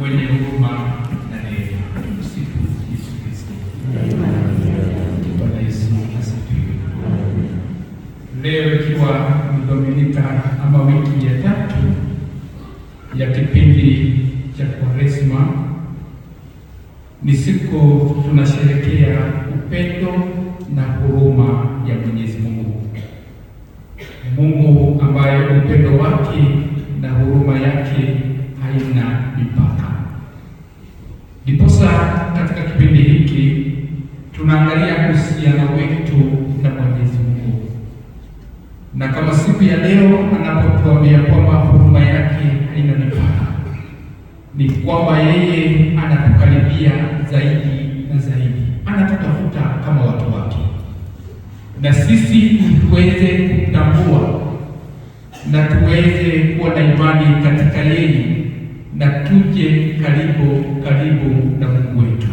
mwenye huruma na Leo ikiwa ni Dominika ama wiki ya tatu ya kipindi cha Kwaresma, ni siku tunasherekea upendo na huruma ya Mwenyezi Mungu, Mungu ambaye upendo wake na huruma yake katika kipindi hiki tunaangalia kuhusiana wetu na Mwenyezi Mungu, na kama siku ya leo anapotuambia kwamba huruma yake haina mipaka, ni kwamba yeye anatukaribia zaidi na zaidi, anatutafuta kama watu wake, na sisi tuweze kutambua na tuweze kuwa na imani katika yeye na tuje karibu karibu na Mungu wetu,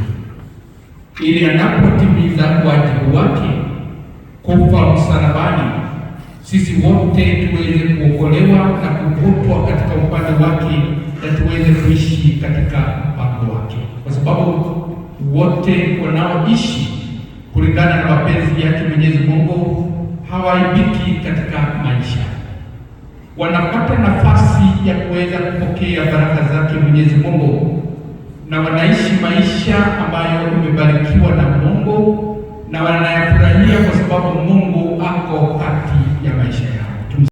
ili anapotimiza wajibu wake kufa msalabani, sisi wote tuweze kuokolewa na kuvutwa katika upande wake na tuweze kuishi katika mpango wake, kwa sababu wote wanaoishi kulingana na mapenzi yake Mwenyezi Mungu hawaibiki katika maisha wanapata nafasi ya kuweza kupokea baraka zake Mwenyezi Mungu na wanaishi maisha ambayo imebarikiwa na Mungu na wanayafurahia kwa sababu Mungu